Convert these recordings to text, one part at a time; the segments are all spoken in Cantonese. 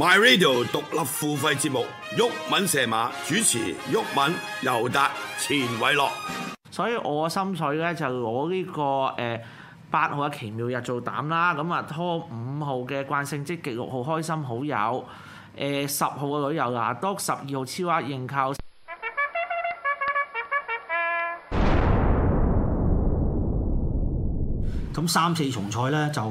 My Radio 獨立付費節目，毓民射馬主持，毓民、尤達、錢偉樂。所以我心水咧就攞呢、這個誒八、呃、號嘅奇妙日做膽啦，咁啊拖五號嘅慣性積極，六號開心好友，誒、呃、十號嘅旅遊牙篤，十二號超額認購。咁三四重賽咧就，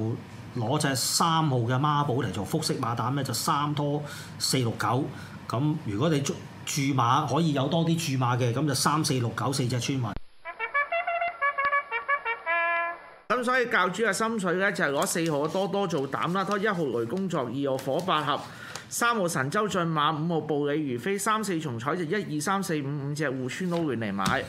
攞隻三號嘅孖寶嚟做複式馬膽呢就三、是、拖四六九。咁如果你中注馬可以有多啲注馬嘅，咁就三四六九四隻村民，咁所以教主嘅心水呢，就係攞四號多多做膽啦，拖一號雷工作，二號火八合，三號神州進馬，五號暴李如飛，三四重彩就一二三四五五隻互村撈亂嚟買。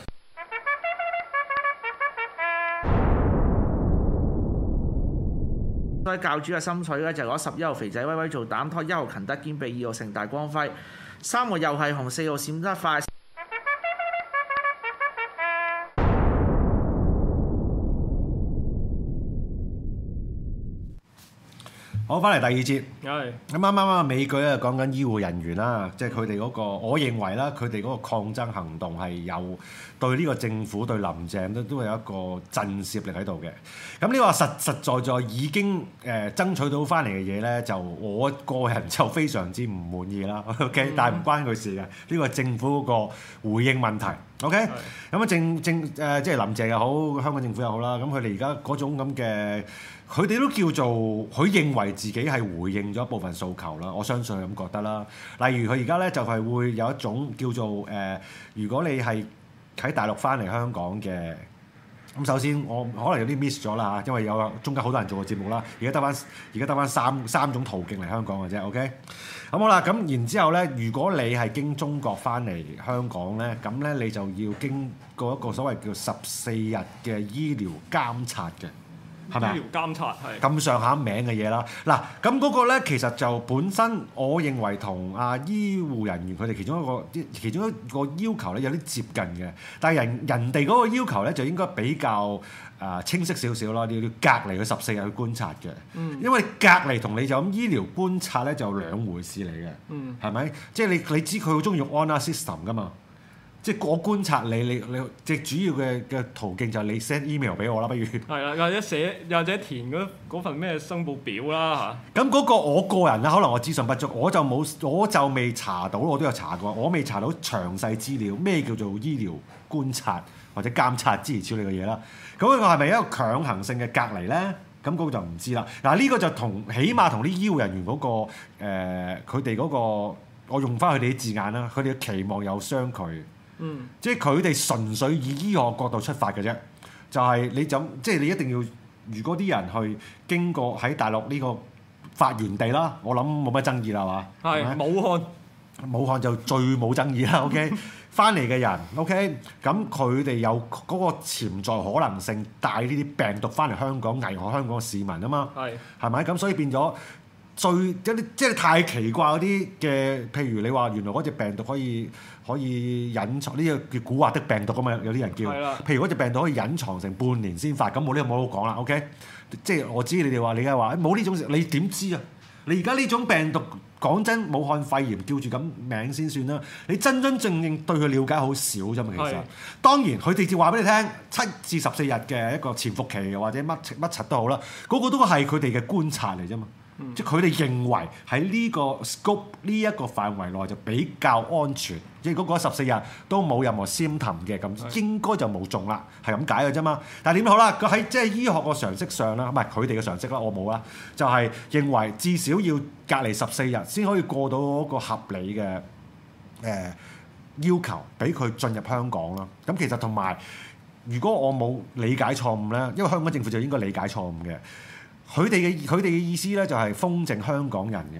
位教主嘅心水咧，就攞十一號肥仔威威做膽拖，一號勤得兼備，二號盛大光輝，三號又係紅，四號閃得快。好，翻嚟第二節。咁啱啱啊，剛剛剛美舉咧講緊醫護人員啦，即係佢哋嗰個，我認為啦，佢哋嗰個抗爭行動係有對呢個政府對林鄭都都有一個震懾力喺度嘅。咁呢個實實在,在在已經誒、呃、爭取到翻嚟嘅嘢咧，就我個人就非常之唔滿意啦。O、okay? K，、嗯、但係唔關佢事嘅，呢、這個政府嗰個回應問題。OK，咁啊政政誒即係林鄭又好，香港政府又好啦，咁佢哋而家嗰種咁嘅。佢哋都叫做佢認為自己係回應咗一部分訴求啦，我相信咁覺得啦。例如佢而家咧就係、是、會有一種叫做誒、呃，如果你係喺大陸翻嚟香港嘅，咁、嗯、首先我可能有啲 miss 咗啦，因為有中間好多人做過節目啦。而家得翻，而家得翻三三種途徑嚟香港嘅啫。OK，咁、嗯、好啦，咁然之後咧，如果你係經中國翻嚟香港咧，咁咧你就要經過一個所謂叫十四日嘅醫療監察嘅。係咪啊？醫療監察係咁上下名嘅嘢啦。嗱，咁嗰個咧，其實就本身，我認為同阿醫護人員佢哋其中一個，其中一個要求咧，有啲接近嘅。但係人人哋嗰個要求咧，就應該比較誒清晰少少囉。你要你隔離佢十四日去觀察嘅，嗯、因為隔離同你就咁醫療觀察咧，就兩回事嚟嘅，嗯，係咪？即係你你知佢好中意用安 n a system 㗎嘛？即係我觀察你，你你即係主要嘅嘅途徑就係你 send email 俾我啦，不如。係啦，又或者寫，又或者填嗰嗰份咩申報表啦。咁嗰個我個人啦，可能我資訊不足，我就冇，我就未查到，我都有查過，我未查到詳細資料。咩叫做醫療觀察或者監察之類之類嘅嘢啦？咁嗰個係咪一個強行性嘅隔離咧？咁嗰個就唔知啦。嗱呢個就同起碼同啲醫護人員嗰個誒，佢哋嗰個我用翻佢哋啲字眼啦，佢哋嘅期望有相距。嗯、即係佢哋純粹以醫學角度出發嘅啫，就係、是、你就，即係你一定要，如果啲人去經過喺大陸呢個發源地啦，我諗冇乜爭議啦，係嘛是？係嗎，武漢，武漢就最冇爭議啦。OK，翻嚟嘅人，OK，咁佢哋有嗰個潛在可能性帶呢啲病毒翻嚟香港，危害香港嘅市民啊嘛。係是，係咪？咁所以變咗。最即係太奇怪嗰啲嘅，譬如你話原來嗰隻病毒可以可以隱藏，呢個叫古惑的病毒噉樣，有啲人叫。對了 譬如嗰隻病毒可以隱藏成半年先發，咁冇呢個冇得講啦，OK？即係我知你哋話你梗係話冇呢種事，你點知啊？你而家呢種病毒講真，武漢肺炎叫住咁名先算啦。你真真正正對佢了解好少啫嘛，其實。係。對 當然，佢直接話俾你聽，七至十四日嘅一個潛伏期，或者乜乜柒都好啦，嗰個都係佢哋嘅觀察嚟啫嘛。即係佢哋認為喺呢個 scope 呢一個範圍內就比較安全，即果嗰十四日都冇任何 symptom 嘅咁，應該就冇中啦，係咁解嘅啫嘛。但係點都好啦，佢喺即係醫學個常識上啦，唔係佢哋嘅常識啦，我冇啊，就係、是、認為至少要隔離十四日先可以過到嗰個合理嘅誒要求，俾佢進入香港啦。咁其實同埋，如果我冇理解錯誤咧，因為香港政府就應該理解錯誤嘅。佢哋嘅佢哋嘅意思咧，就係封凈香港人嘅，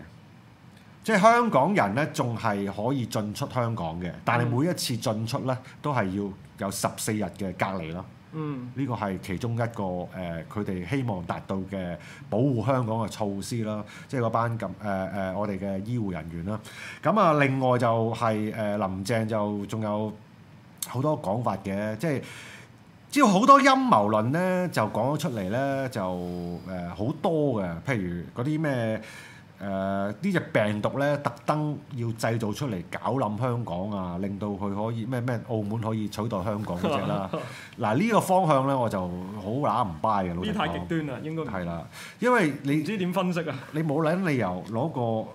即係香港人咧，仲係可以進出香港嘅，但係每一次進出咧，都係要有十四日嘅隔離咯。嗯，呢個係其中一個誒，佢哋希望達到嘅保護香港嘅措施啦，即係嗰班咁誒誒，我哋嘅醫護人員啦。咁啊，另外就係誒林鄭就仲有好多講法嘅，即係。只要好多陰謀論咧，就講咗出嚟咧，就誒好、呃、多嘅，譬如嗰啲咩誒呢隻病毒咧，特登要製造出嚟搞冧香港啊，令到佢可以咩咩澳門可以取代香港嗰隻啦。嗱呢、 啊這個方向咧，我就好揦唔 b 嘅老實講。呢太極端啦，應該唔係啦，因為你唔知點分析啊？你冇撚理由攞個。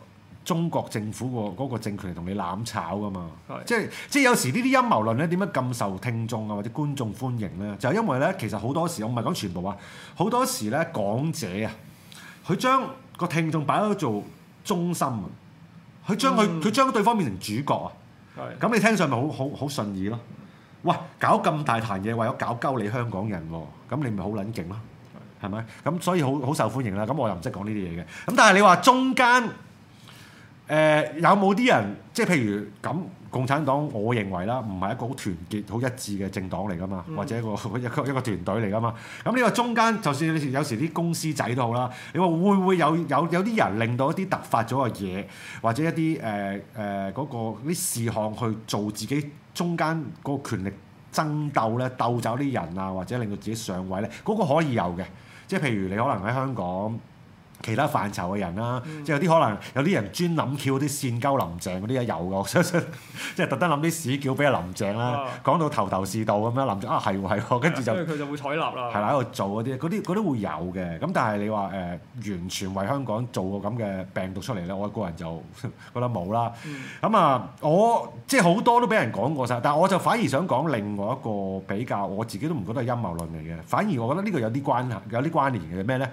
中國政府個嗰個政權嚟同你攬炒噶嘛是的 即？即係即係有時呢啲陰謀論咧，點解咁受聽眾啊或者觀眾歡迎咧、啊？就係因為咧，其實好多時我唔係講全部話啊，好多時咧講者啊，佢將個聽眾擺咗做中心啊，佢將佢佢、嗯、將對方變成主角啊，咁是的 你聽上咪好好好順意咯？喂，搞咁大壇嘢為咗搞鳩你香港人喎，咁你咪好撚勁咯？係咪？咁是的 所以好好受歡迎啦。咁我又唔識講呢啲嘢嘅。咁但係你話中間。誒、呃、有冇啲人即係譬如咁，共產黨，我認為啦，唔係一個好團結、好一致嘅政黨嚟噶嘛，嗯、或者一個一個一個團隊嚟噶嘛。咁呢個中間，就算有時啲公司仔都好啦，你話會唔會有有有啲人令到一啲突發咗嘅嘢，或者一啲誒誒嗰個啲事項去做自己中間嗰個權力爭鬥咧，鬥走啲人啊，或者令到自己上位咧，嗰、嗰個可以有嘅。即係譬如你可能喺香港。其他範疇嘅人啦、啊，嗯、即係有啲可能有啲人專諗橋啲線溝林鄭嗰啲嘢有嘅，我相信即係特登諗啲屎橋俾阿林鄭啦、啊，嗯、講到頭頭是道咁樣林鄭啊係喎係喎，跟住、嗯、就，所以佢就會採納啦，係啦喺度做嗰啲，嗰啲嗰啲會有嘅。咁但係你話誒、呃、完全為香港做過咁嘅病毒出嚟咧，我個人就覺得冇啦。咁啊、嗯嗯嗯，我即係好多都俾人講過晒，但係我就反而想講另外一個比較，我自己都唔覺得係陰謀論嚟嘅，反而我覺得呢個有啲關係，有啲關聯嘅咩咧？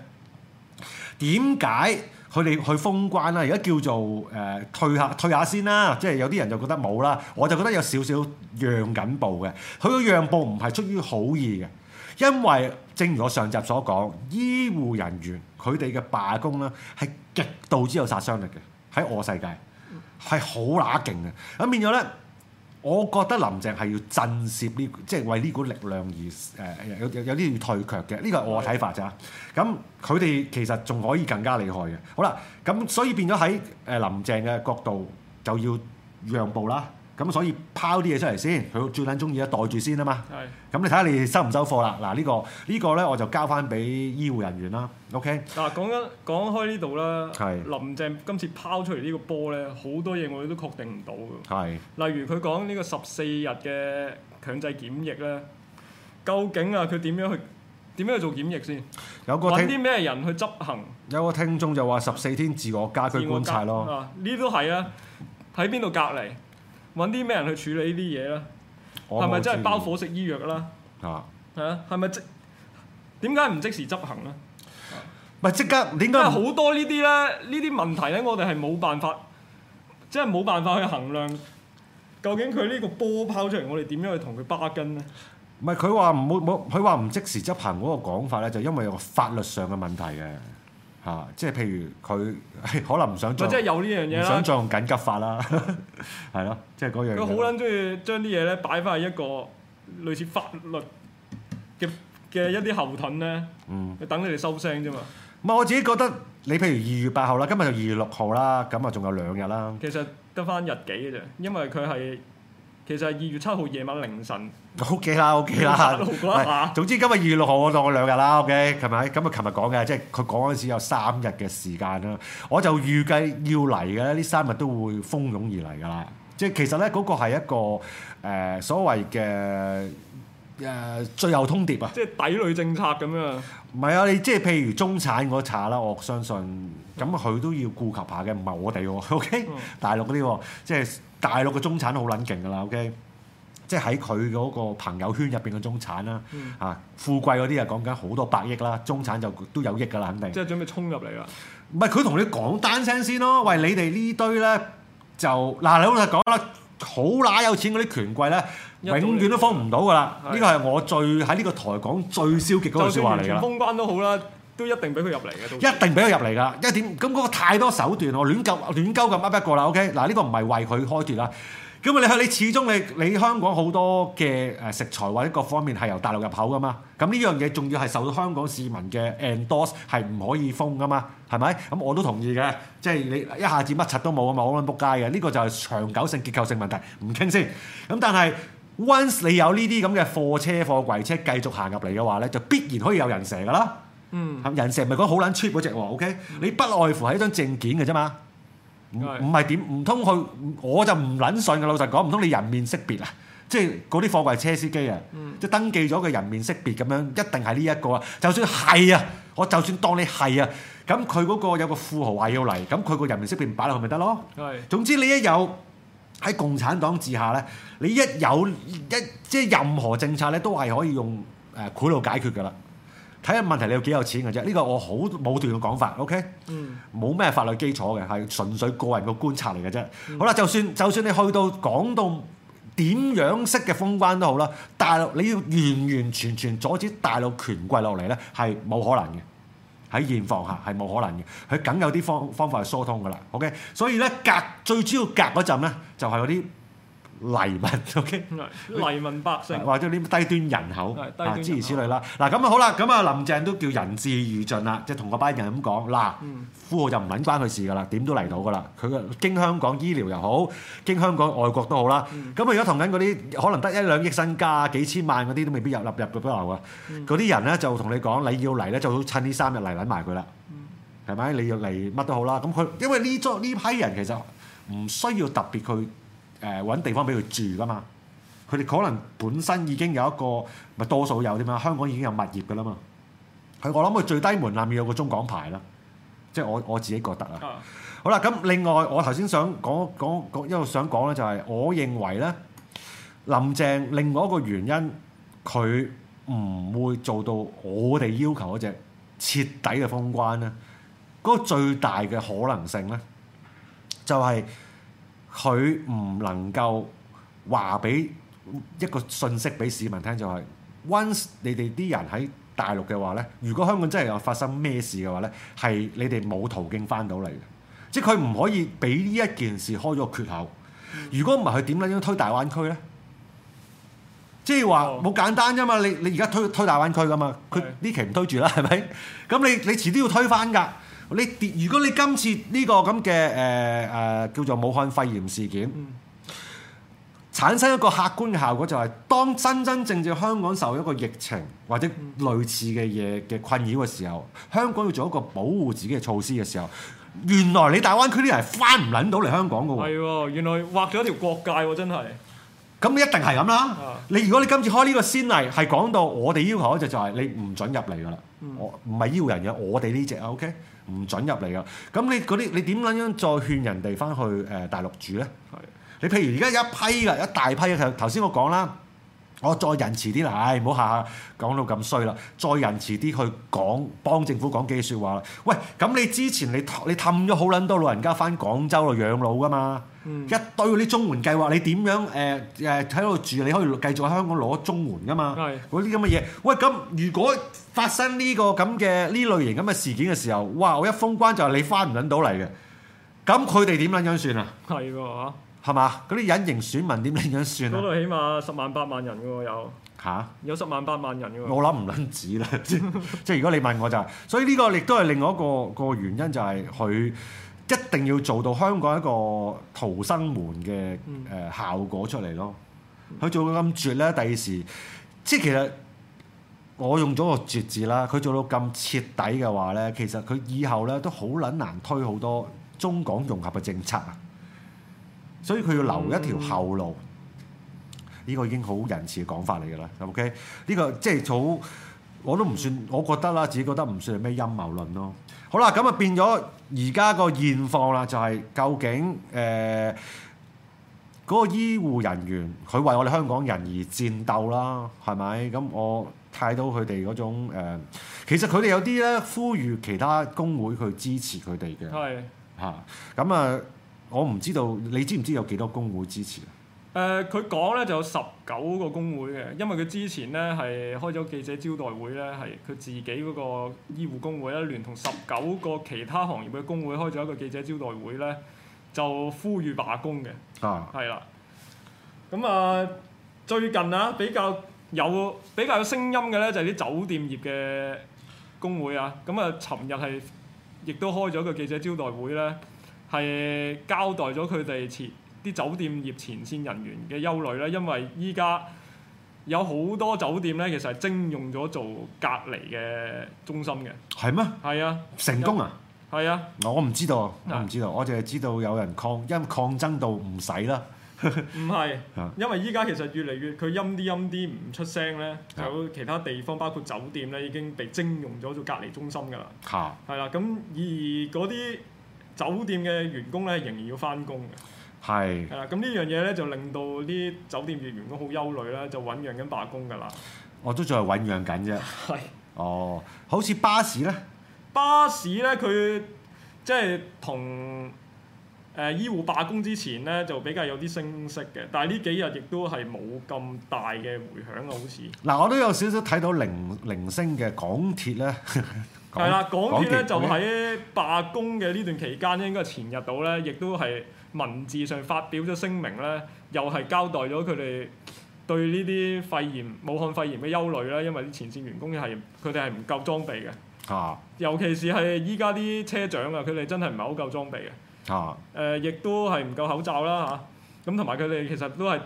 點解佢哋去封關啦？而家叫做誒、呃、退下退下先啦，即係有啲人就覺得冇啦，我就覺得有少少讓緊步嘅。佢個讓步唔係出於好意嘅，因為正如我上集所講，醫護人員佢哋嘅罷工啦係極度之有殺傷力嘅，喺我世界係好乸勁嘅，咁變咗咧。我覺得林鄭係要震懾呢，即係為呢股力量而誒、呃、有有啲要退卻嘅，呢個係我睇法咋。咁佢哋其實仲可以更加厲害嘅。好啦，咁所以變咗喺誒林鄭嘅角度就要讓步啦。咁所以拋啲嘢出嚟先，佢最撚中意咧，袋住先啊嘛。係咁，你睇下你收唔收貨啦。嗱，呢個呢個咧，我就交翻俾醫護人員啦。OK。嗱，講緊講開呢度啦。是的 林鄭今次拋出嚟呢個波咧，好多嘢我哋都確定唔到嘅。是的 例如佢講呢個十四日嘅強制檢疫咧，究竟啊佢點樣去點樣去做檢疫先？有個聽搵啲咩人去執行？有個聽眾就話十四天自我家居觀察咯。呢都係啊，喺邊度隔離？揾啲咩人去處理呢啲嘢啦？係咪沒真係包伙食醫藥啦？啊嚇係咪即點解唔即時執行咧？唔係即刻點解？好多呢啲咧，呢啲問題咧，我哋係冇辦法，即係冇辦法去衡量究竟佢呢個波拋出嚟，我哋點樣去同佢巴根咧？唔係佢話唔會冇，佢話唔即時執行嗰個講法咧，就因為有個法律上嘅問題嘅。嚇、啊！即係譬如佢可能唔想再，即係有呢樣嘢唔想再用緊急法啦，係咯、啊 啊，即係嗰樣。佢好撚中意將啲嘢咧擺翻喺一個類似法律嘅嘅一啲後盾咧，嗯，等你哋收聲啫嘛。唔係我自己覺得，你譬如二月八號啦，今日就二月六號啦，咁啊仲有兩日啦。其實得翻日幾嘅咋，因為佢係。其實係二月七號夜晚凌晨。O K 啦，O K 啦。Okay、總之今日二月六號，我當我兩日啦，O K 係咪？咁、okay? 啊，琴日講嘅，即係佢講嗰陣時有三日嘅時間啦。我就預計要嚟嘅，呢三日都會蜂擁而嚟㗎啦。即係其實咧，嗰、那個係一個誒、呃、所謂嘅。誒，最後通牒啊！即係抵壘政策咁樣。唔係啊，你即係譬如中產，我查啦，我相信咁佢都要顧及下嘅，唔係我哋喎、啊。O、okay? K，、嗯、大陸嗰啲、啊，即、就、係、是、大陸嘅中產好撚勁噶啦。O K，即係喺佢嗰個朋友圈入邊嘅中產啦、啊，嚇、嗯啊、富貴嗰啲啊，講緊好多百億啦，中產就都有億噶啦，肯定。即係準備衝入嚟啦！唔係佢同你講單聲先咯，喂，你哋呢堆咧就嗱，你、啊、老實講啦，好乸有錢嗰啲權貴咧。永遠都封唔到㗎啦！呢個係我最喺呢個台講最消極嗰個說話嚟啦。封關都好啦，都一定俾佢入嚟㗎。一定俾佢入嚟㗎，一點咁嗰個太多手段喎，亂夾亂鳩咁噏 p 一個啦，OK？嗱呢個唔係為佢開脱啦。咁啊，這個、你你始終你你香港好多嘅誒食材或者各方面係由大陸入口㗎嘛？咁呢樣嘢仲要係受到香港市民嘅 endorse 係唔可以封㗎嘛？係咪？咁我都同意嘅，即係你一下子乜柒都冇啊嘛，我諗仆街嘅。呢、這個就係長久性結構性問題，唔傾先。咁但係。once 你有呢啲咁嘅貨車貨櫃車繼續行入嚟嘅話咧，就必然可以有人蛇噶啦。嗯，人蛇唔係講好撚 cheap 嗰隻喎，OK？、嗯、你不外乎係一張證件嘅啫嘛。唔唔係點？唔通去我就唔撚信嘅，老實講。唔通你人面識別啊？即係嗰啲貨櫃車司機啊，即係、嗯、登記咗個人面識別咁樣，一定係呢一個。就算係啊，我就算當你係啊，咁佢嗰個有個富豪話要嚟，咁佢個人面識別唔擺落去咪得咯？係。對 總之你一有。喺共產黨治下咧，你一有一即係任何政策咧，都係可以用誒賄賂解決噶啦。睇下問題你要幾有錢嘅啫，呢、這個我好武斷嘅講法，OK？冇咩、嗯、法律基礎嘅，係純粹個人嘅觀察嚟嘅啫。嗯、好啦，就算就算你去到講到點樣式嘅封關都好啦，大陸你要完完全全阻止大陸權貴落嚟咧，係冇可能嘅。喺現房下係冇可能嘅，佢梗有啲方方法去疏通㗎啦。OK，所以咧，隔最主要隔嗰陣咧就係嗰啲。黎民，O.K. 黎民百姓，或者啲低端人口啊，諸如此類啦。嗱，咁啊好啦，咁啊林鄭都叫仁至義盡啦，即係同嗰班人咁講。嗱，富豪就唔揾關佢事噶啦，點都嚟到噶啦。佢嘅經香港醫療又好，經香港外國都好啦。咁佢而家同緊嗰啲可能得一兩億身家、幾千萬嗰啲都未必入入入到得流啦。嗰啲人咧就同你講，你要嚟咧就趁呢三日嚟揾埋佢啦。係咪？你要嚟乜都好啦。咁佢因為呢組呢批人其實唔需要特別去。誒揾地方俾佢住噶嘛？佢哋可能本身已經有一個，咪多數有啲啊！香港已經有物業噶啦嘛。佢我諗佢最低門檻要有個中港牌啦，即係我我自己覺得啊。嗯、好啦，咁另外我頭先想講講講一路想講咧，就係我認為咧，林鄭另外一個原因，佢唔會做到我哋要求嗰隻徹底嘅封關咧，嗰、嗰個、最大嘅可能性咧，就係、係。佢唔能夠話俾一個訊息俾市民聽、就是，就係 ：once 你哋啲人喺大陸嘅話咧，如果香港真係有發生咩事嘅話咧，係你哋冇途徑翻到嚟嘅。即係佢唔可以俾呢一件事開咗個缺口。如果唔係，佢點樣推大灣區咧？即係話冇簡單啫嘛！你你而家推推大灣區噶嘛？佢呢期唔推住啦，係咪？咁你你遲都要推翻㗎。你如果你今次呢個咁嘅誒誒叫做武漢肺炎事件、嗯、產生一個客觀嘅效果，就係當真真正正香港受一個疫情或者類似嘅嘢嘅困擾嘅時候，香港要做一個保護自己嘅措施嘅時候，原來你大灣區啲人翻唔撚到嚟香港㗎喎，原來劃咗條國界喎、啊，真係。咁你一定係咁啦。啊、你如果你今次開呢個先例，係講到我哋要求嗰只就係你唔準入嚟㗎喇。嗯、要我唔係要人嘅，我哋呢只 OK 唔准入嚟㗎，咁你嗰啲你點撚樣再勸人哋翻去誒大陸住咧？是的 你譬如而家有一批嘅，一大批嘅頭頭先我講啦。我再仁慈啲啦，唉，唔好下下講到咁衰啦，再仁慈啲去講幫政府講幾句説話啦。喂，咁你之前你你氹咗好撚多老人家翻廣州度養老噶嘛？嗯、一堆嗰啲綜援計劃，你點樣誒誒喺度住？你可以繼續喺香港攞綜援噶嘛？嗰啲咁嘅嘢，喂，咁如果發生呢個咁嘅呢類型咁嘅事件嘅時候，哇！我一封關就係你翻唔撚到嚟嘅，咁佢哋點撚樣算啊？係喎。係嘛？嗰啲隱形選民點樣樣算啊？嗰度起碼十萬八萬人嘅喎，有吓？有十萬八萬人嘅喎。啊、萬萬我諗唔撚止啦， 即係如果你問我就係、是，所以呢個亦都係另外一個一個原因，就係佢一定要做到香港一個逃生門嘅誒、呃、效果出嚟咯。佢做到咁絕咧，第二時即其實我用咗個絕字啦。佢做到咁徹底嘅話咧，其實佢以後咧都好撚難推好多中港融合嘅政策啊！所以佢要留一條後路，呢、嗯、個已經好仁慈嘅講法嚟㗎啦。OK，呢個即係早，我都唔算，我覺得啦，自己覺得唔算係咩陰謀論咯。好啦，咁啊變咗而家個現況啦，就係、是、究竟誒嗰、呃嗰個醫護人員佢為我哋香港人而戰鬥啦，係咪？咁我睇到佢哋嗰種誒、呃，其實佢哋有啲咧呼籲其他工會去支持佢哋嘅，係嚇咁啊。我唔知道你知唔知有幾多工會支持啊？誒、呃，佢講咧就有十九個工會嘅，因為佢之前咧係開咗記者招待會咧，係佢自己嗰個醫護工會咧，聯同十九個其他行業嘅工會開咗一個記者招待會咧，就呼籲罷工嘅。啊，係啦。咁啊，最近啊比較有比較有聲音嘅咧，就係啲酒店業嘅工會啊。咁啊，尋日係亦都開咗一個記者招待會咧。係交代咗佢哋前啲酒店業前線人員嘅憂慮咧，因為依家有好多酒店咧，其實係徵用咗做隔離嘅中心嘅。係咩嗎？係啊，成功啊！係啊，我唔知道，我唔知道，是的 我淨係知道有人抗因為抗爭到唔使啦。唔 係，因為依家其實越嚟越佢陰啲陰啲，唔出聲咧，就是的 其他地方包括酒店咧已經被徵用咗做隔離中心㗎啦。嚇！係啦，咁而嗰啲。酒店嘅員工咧仍然要翻工嘅，係是，係啦，咁呢樣嘢咧就令到啲酒店嘅員工好憂慮啦，就醞釀緊罷工噶啦。我都仲係醞釀緊啫。係是。哦，好似巴士咧，巴士咧佢即係同誒醫護罷工之前咧就比較有啲聲色嘅，但係呢幾日亦都係冇咁大嘅回響啊，好似。嗱，我都有少少睇到零零星嘅港鐵咧。 係啦，港鐵咧就喺罷工嘅呢段期間咧，應該係前日到咧，亦都係文字上發表咗聲明咧，又係交代咗佢哋對呢啲肺炎、武漢肺炎嘅憂慮啦。因為啲前線員工係佢哋係唔夠裝備嘅，啊，尤其是係依家啲車長啊，佢哋真係唔係好夠裝備嘅，啊，誒，亦都係唔夠口罩啦嚇，咁同埋佢哋其實都係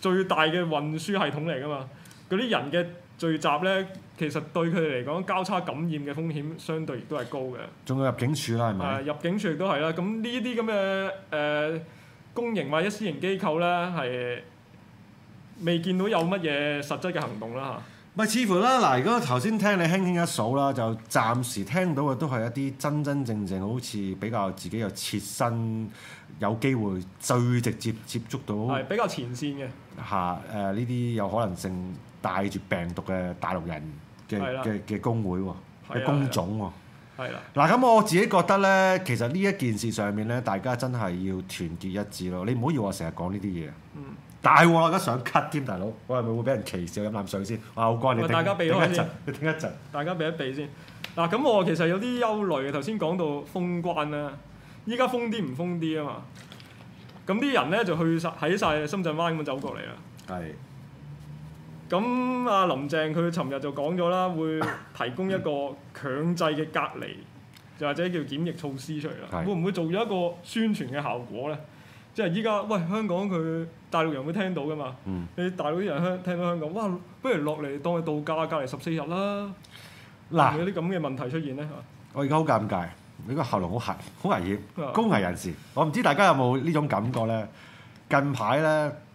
最大嘅運輸系統嚟噶嘛，嗰啲人嘅聚集咧。其實對佢哋嚟講，交叉感染嘅風險相對亦都係高嘅。仲有入境處啦，係咪？入境處亦都係啦。咁呢啲咁嘅誒公營或者私營機構咧，係未見到有乜嘢實質嘅行動啦嚇。咪似乎啦嗱，如果頭先聽你輕輕一數啦，就暫時聽到嘅都係一啲真真正正好似比較自己又切身有機會最直接接觸到，係比較前線嘅。吓，誒，呢啲有可能性帶住病毒嘅大陸人。嘅嘅嘅工會喎，嘅工種喎，嗱咁我自己覺得咧，其實呢一件事上面咧，大家真係要團結一致咯。你唔好以為我成日講呢啲嘢。嗯。大鑊啦想咳添，大佬，我係咪會俾人歧視飲啖水先？哇、哦！好乖，你。喂，大家避一避先。大家避一避先。嗱，咁我其實有啲憂慮嘅。頭先講到封關啦，依家封啲唔封啲啊嘛。咁啲人咧就去晒，喺晒深圳灣咁走過嚟啦。係。咁阿林鄭佢尋日就講咗啦，會提供一個強制嘅隔離，又、嗯、或者叫檢疫措施出嚟啦。是會唔會做咗一個宣傳嘅效果咧？即係依家喂香港佢大陸人會聽到噶嘛？你、嗯、大陸啲人香聽到香港，哇！不如落嚟當佢度假，隔離十四日啦。嗱嘆，會會有啲咁嘅問題出現咧。我而家好尷尬，你個喉嚨好痕，好危險，高危人士。我唔知大家有冇呢種感覺咧。近排咧，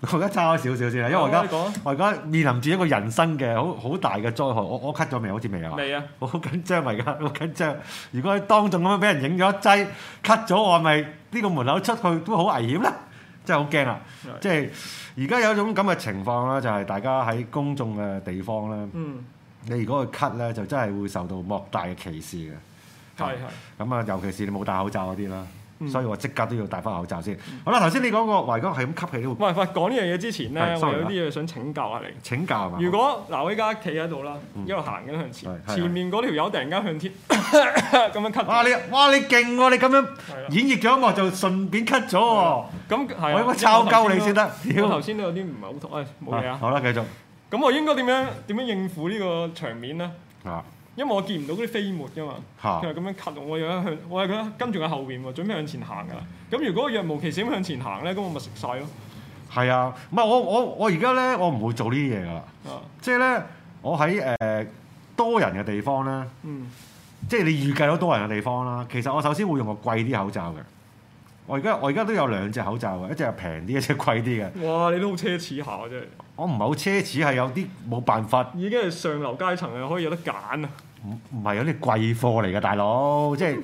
我而家差開少少先啊，因為我而家我而家面臨住一個人生嘅好好大嘅災害，我我咳咗未？好似未啊？未啊！好緊張，而家好緊張。如果當眾咁樣俾人影咗一劑咳咗，我咪呢個門口出去都好危險啦！真係好驚啊！的即係而家有一種咁嘅情況啦，就係、是、大家喺公眾嘅地方咧，嗯、你如果去咳咧，就真係會受到莫大嘅歧視嘅。係係。咁啊，尤其是你冇戴口罩嗰啲啦。所以我即刻都要戴翻口罩先。好啦，頭先你講過，維哥係咁吸氣咧。唔係唔係，講呢樣嘢之前咧，我有啲嘢想請教下你。請教啊，如果嗱，我依家企喺度啦，一路行緊向前，前面嗰條友突然間向天咁樣吸。哇你哇你勁喎！你咁樣演繹咗一幕就順便吸咗喎。咁係。我應該抄鳩你先得。屌，頭先都有啲唔係好妥。哎，冇嘢啊。好啦，繼續。咁我應該點樣點樣應付呢個場面咧？因為我見唔到嗰啲飛沫㗎嘛，佢係咁樣咳，我又向，我係佢跟住喺後邊喎，準備向前行㗎啦。咁如果我若無其事咁向前行咧，咁我咪食晒咯。係啊，唔係我我我而家咧，我唔會做呢啲嘢㗎啦。即係咧，我喺誒、呃、多人嘅地方咧，即係、嗯、你預計到多人嘅地方啦。其實我首先會用個貴啲口罩嘅。我而家我而家都有兩隻口罩嘅，一隻係平啲，一隻貴啲嘅。哇！你都好奢侈下啊，真係～我唔係好奢侈，係有啲冇辦法。已經係上流階層啊，可以有得揀啊！唔唔係有啲貴貨嚟㗎，大佬，即係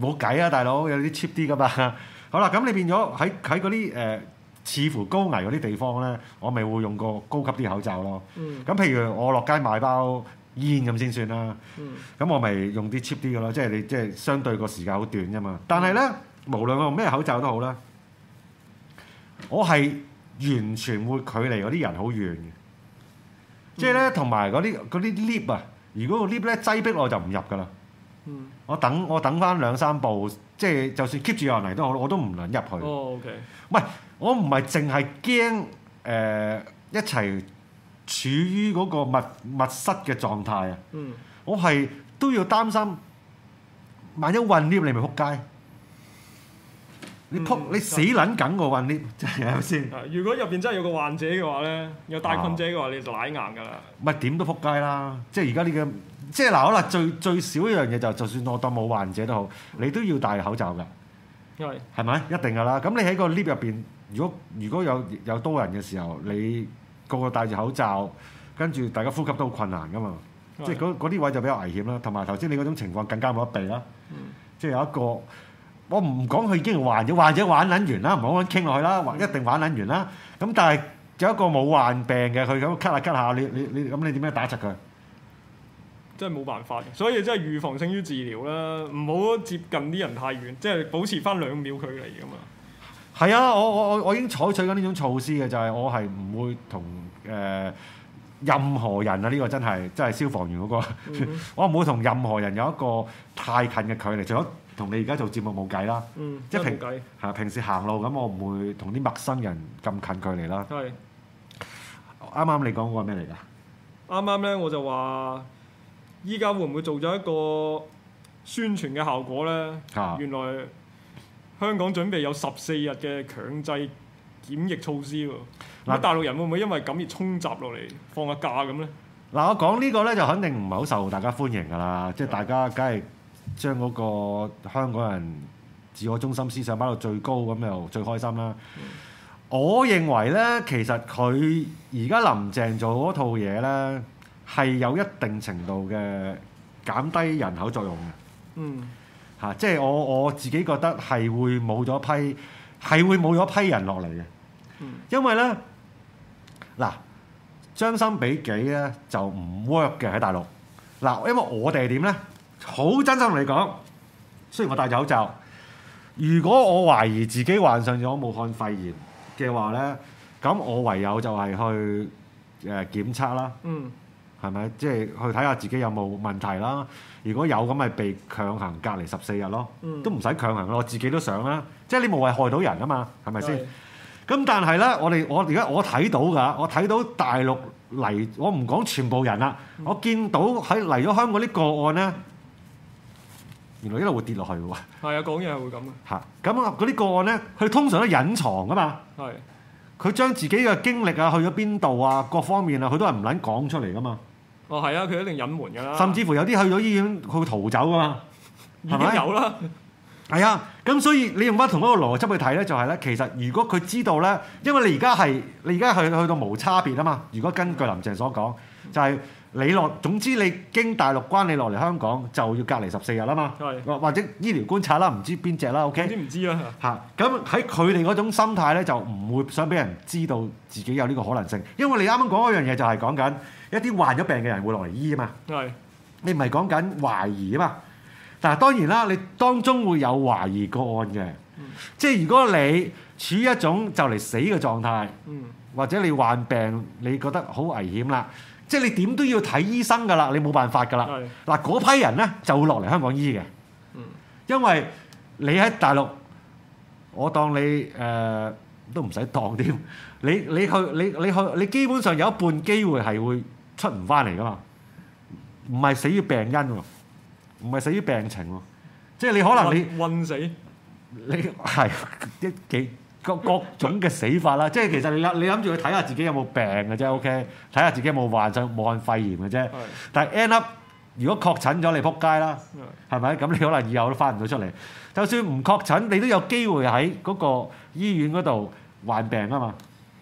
冇計啊，大佬有啲 cheap 啲噶嘛。 好啦，咁你變咗喺喺嗰啲誒，似乎高危嗰啲地方咧，我咪會用個高級啲口罩咯。嗯。咁譬如我落街買包煙咁先算啦。嗯。咁我咪用啲 cheap 啲㗎咯，即係你即係相對個時間好短啫嘛。但係咧，無論我用咩口罩都好啦，我係。完全會距離嗰啲人好遠嘅，即係咧，同埋嗰啲嗰啲 lift 啊，如果個 lift 咧，擠逼我就唔入噶啦。嗯，我等我等翻兩三步，即係就算 keep 住有人嚟都，我我都唔能入去。哦，okay。唔係，我唔係淨係驚誒一齊處於嗰個密密室嘅狀態啊。嗯，我係都要擔心，萬一混 lift 你咪撲街。你拖你死撚緊個運，你係咪先？如果入邊真係有個患者嘅話咧，有帶菌者嘅話，你就舐硬噶啦。唔係點都撲街啦！即係而家呢個，即係嗱，好啦，最最少一樣嘢就就算我當冇患者都好，你都要戴口罩噶，因為係咪一定噶啦？咁你喺個 lift 入邊，如果如果有有多人嘅時候，你個個戴住口罩，跟住大家呼吸都好困難噶嘛，即係嗰嗰啲位就比較危險啦。同埋頭先你嗰種情況更加冇得避啦，即係有一個。我唔講佢已經患咗，患咗玩撚完啦，唔好咁傾落去啦，一定玩撚完啦。咁但係仲有一個冇患病嘅，佢咁咳下咳下，你你你咁你點樣打柒佢？真係冇辦法，所以真係預防勝於治療啦。唔好接近啲人太遠，即係保持翻兩秒距離咁嘛。係啊，我我我我已經採取緊呢種措施嘅，就係、是、我係唔會同誒、呃、任何人啊！呢、這個真係真係消防員嗰、那個，嗯、 我唔會同任何人有一個太近嘅距離，除咗。同你而家做節目冇計啦，嗯，即係平，嚇平時行路咁，我唔會同啲陌生人咁近距離啦係。啱啱你講嗰個咩嚟㗎？啱啱咧我就話，依家會唔會做咗一個宣傳嘅效果咧？嚇，啊、原來香港準備有十四日嘅強制檢疫措施喎。咁、啊、大陸人會唔會因為咁而衝閘落嚟放下假咁咧？嗱、啊，我講呢個咧就肯定唔係好受大家歡迎㗎啦，即係、嗯、大家梗係。將嗰個香港人自我中心思想擺到最高咁，又最開心啦。嗯，我認為咧，其實佢而家林鄭做嗰套嘢咧，係有一定程度嘅減低人口作用嘅。嗯，嚇，啊，即係我我自己覺得係會冇咗批，係會冇咗批人落嚟嘅。嗯，因為咧，嗱，將心比己咧就唔 work 嘅喺大陸。嗱，因為我哋係點咧？好真心同你講，雖然我戴住口罩，如果我懷疑自己患上咗武漢肺炎嘅話咧，咁我唯有就係去誒檢測啦，嗯，係咪？即係去睇下自己有冇問題啦。如果有咁，咪被強行隔離十四日咯，嗯，都唔使強行，我自己都想啦。即係你無謂害到人啊嘛，係咪先？咁對但係咧，我哋我而家我睇到㗎，我睇到大陸嚟，我唔講全部人啦，我見到喺嚟咗香港啲個案咧。原來一路會跌落去嘅喎。係啊，講嘢係會咁啊。吓，咁啊，嗰啲個案咧，佢通常都隱藏噶嘛。係，佢將自己嘅經歷啊，去咗邊度啊，各方面啊，佢都係唔捻講出嚟噶嘛。哦，係啊，佢一定隱瞞噶啦。甚至乎有啲去咗醫院，佢會逃走噶嘛。已經 有啦，係啊。咁所以你用返同一個邏輯去睇咧，就係、是、咧，其實如果佢知道咧，因為你而家係你而家去去到無差別啊嘛。如果根據林鄭所講，就係、是。你落，總之你經大陸關，你落嚟香港就要隔離十四日啊嘛，是的 或者醫療觀察啦，唔知邊隻啦，OK？我唔知啊？嚇！咁喺佢哋嗰種心態咧，就唔會想俾人知道自己有呢個可能性，因為你啱啱講嗰樣嘢就係講緊一啲患咗病嘅人會落嚟醫啊嘛，是的 你唔係講緊懷疑啊嘛？但當然啦，你當中會有懷疑個案嘅，嗯、即係如果你處於一種就嚟死嘅狀態，嗯、或者你患病，你覺得好危險啦。即係你點都要睇醫生㗎是的 啦，你冇辦法㗎啦。嗱，嗰批人咧就會落嚟香港醫嘅，嗯、因為你喺大陸，我當你誒、呃、都唔使當添。你你去你你去你，基本上有一半機會係會出唔翻嚟㗎嘛，唔係死於病因喎，唔係死於病情喎，即係你可能你暈死，你係嘅。 各各種嘅死法啦，即係其實你諗你諗住去睇下自己有冇病嘅啫，OK，睇下自己有冇患上武漢肺炎嘅啫。但係 end up，如果確診咗，你仆街啦，係咪？咁你可能以後都翻唔到出嚟。就算唔確診，你都有機會喺嗰個醫院嗰度患病啊嘛。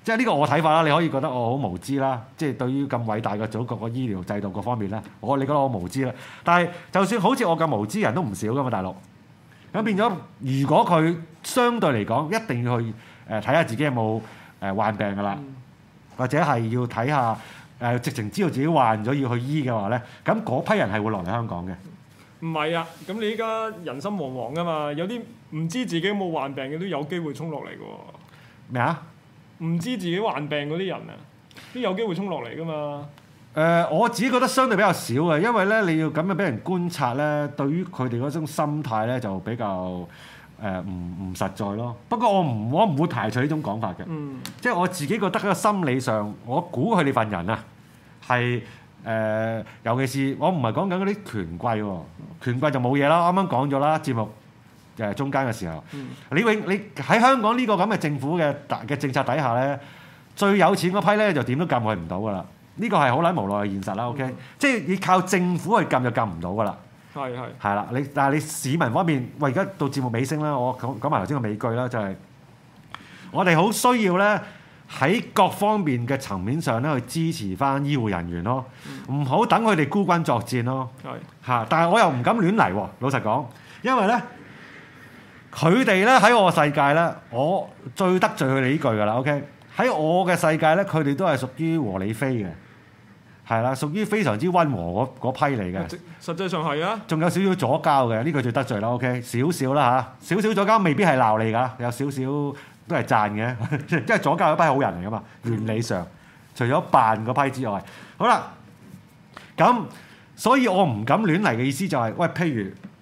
即係呢個我睇法啦，你可以覺得我好無知啦。即係對於咁偉大嘅祖國嘅醫療制度各方面咧，我你覺得我無知啦。但係就算好似我咁無知人都唔少噶嘛，大陸。咁變咗，如果佢相對嚟講一定要去誒睇下自己有冇誒、呃、患病噶啦，或者係要睇下誒、呃、直情知道自己患咗要去醫嘅話咧，咁嗰批人係會落嚟香港嘅。唔係啊，咁你依家人心惶惶噶嘛，有啲唔知自己有冇患病嘅都有機會衝落嚟喎。咩啊？唔知自己患病嗰啲人啊，都有機會衝落嚟噶嘛？誒、呃，我自己覺得相對比較少嘅，因為咧你要咁樣俾人觀察咧，對於佢哋嗰種心態咧就比較誒唔唔實在咯。不過我唔我唔會排除呢種講法嘅，嗯、即係我自己覺得喺個心理上，我估佢哋份人啊係誒，尤其是我唔係講緊嗰啲權貴喎，權貴就冇嘢啦，啱啱講咗啦，節目誒中間嘅時候。李、嗯、永，你喺香港呢個咁嘅政府嘅嘅政策底下咧，最有錢嗰批咧就點都夾佢唔到噶啦。呢個係好撚無奈嘅現實啦，OK，嗯、即係你靠政府去禁就禁唔到噶啦，係係啦，你但係你市民方面，喂，而家到節目尾聲啦，我講講埋頭先個尾句啦，就係、是、我哋好需要咧喺各方面嘅層面上咧去支持翻醫護人員咯，唔好、嗯、等佢哋孤軍作戰咯，係是的 但係我又唔敢亂嚟喎，老實講，因為咧佢哋咧喺我世界咧，我最得罪佢哋呢句噶啦，OK，喺我嘅世界咧，佢哋都係屬於和理非嘅。係啦，屬於非常之溫和嗰批嚟嘅，實際上係啊，仲有少少左膠嘅，呢、這個最得罪啦。OK，少少啦嚇，少少左膠未必係鬧你㗎，有少少都係讚嘅，因為左膠嗰批好人嚟㗎嘛。原理上，嗯、除咗扮嗰批之外，好啦，咁所以我唔敢亂嚟嘅意思就係、是，喂，譬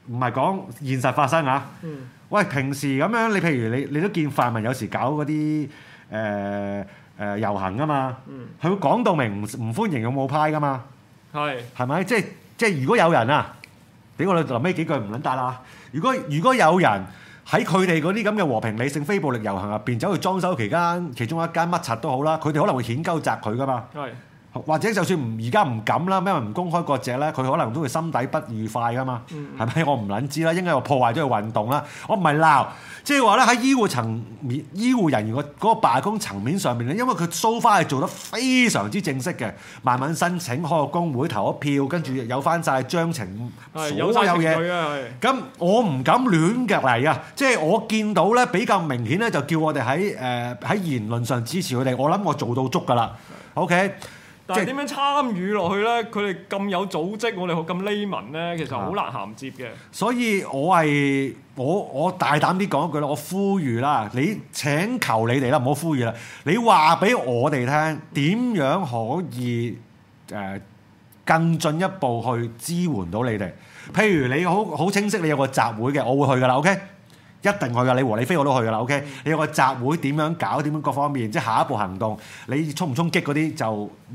如唔係講現實發生啊，嗯、喂，平時咁樣你譬如你你都見泛民有時搞嗰啲誒。呃誒、呃、遊行啊嘛，佢講到明唔唔歡迎勇武派噶嘛，係係咪？即係即係如果有人啊，俾我哋臨尾幾句唔撚答啦。如果如果有人喺佢哋嗰啲咁嘅和平理性非暴力遊行入邊，走去裝修期間其中一間乜柒都好啦，佢哋可能會譴鳩責佢噶嘛。或者就算唔而家唔敢啦，咩唔公開個隻咧，佢可能都會心底不愉快噶嘛，係咪、嗯？我唔撚知啦，應該又破壞咗佢運動啦。我唔係鬧，即係話咧喺醫護層面、醫護人員個嗰個罷工層面上面咧，因為佢 so far 係做得非常之正式嘅，慢慢申請開個工會投咗票，跟住有翻晒章程所有嘢。咁、嗯、我唔敢亂夾嚟啊！即係、嗯、我見到咧比較明顯咧，就叫我哋喺誒喺言論上支持佢哋。我諗我做到足㗎啦。嗯、OK。但係點樣參與落去咧？佢哋咁有組織，我哋好咁黎民咧，其實好難銜接嘅、啊。所以我係我我大膽啲講一句啦，我呼籲啦，你請求你哋啦，唔好呼籲啦，你話俾我哋聽點樣可以誒、呃、更進一步去支援到你哋？譬如你好好清晰，你有個集會嘅，我會去噶啦，OK？一定去噶，你和你飛我都去噶啦，OK？你有個集會點樣搞，點樣各方面，即係下一步行動，你衝唔衝擊嗰啲就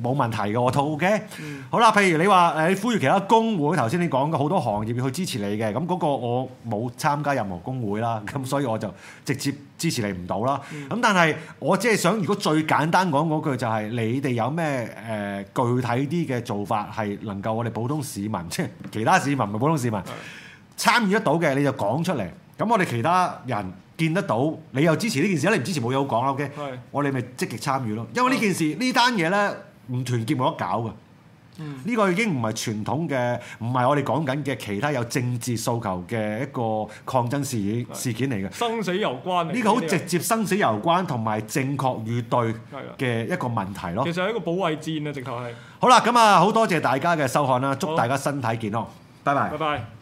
冇問題噶，我都 OK。嗯、好啦，譬如你話誒你呼籲其他工會，頭先你講嘅好多行業要去支持你嘅，咁嗰個我冇參加任何工會啦，咁、嗯、所以我就直接支持你唔到啦。咁、嗯、但係我即係想，如果最簡單講嗰句就係、是，你哋有咩誒具體啲嘅做法係能夠我哋普通市民，即係其他市民唔係普通市民、嗯、參與得到嘅，你就講出嚟。咁我哋其他人見得到，你又支持呢件事，你唔支持冇嘢好講啦，OK？< 是的 S 1> 我哋咪積極參與咯。因為呢件事呢單嘢咧，唔、嗯、團結冇得搞噶。呢、嗯、個已經唔係傳統嘅，唔係我哋講緊嘅其他有政治訴求嘅一個抗爭事事件嚟嘅。生死攸關嚟，呢個好直接，生死攸關同埋正確與對嘅一個問題咯。其實係一個保衞戰啊，直頭係。好啦，咁啊，好多謝大家嘅收看啦，祝大家身體健康，的拜拜，拜拜。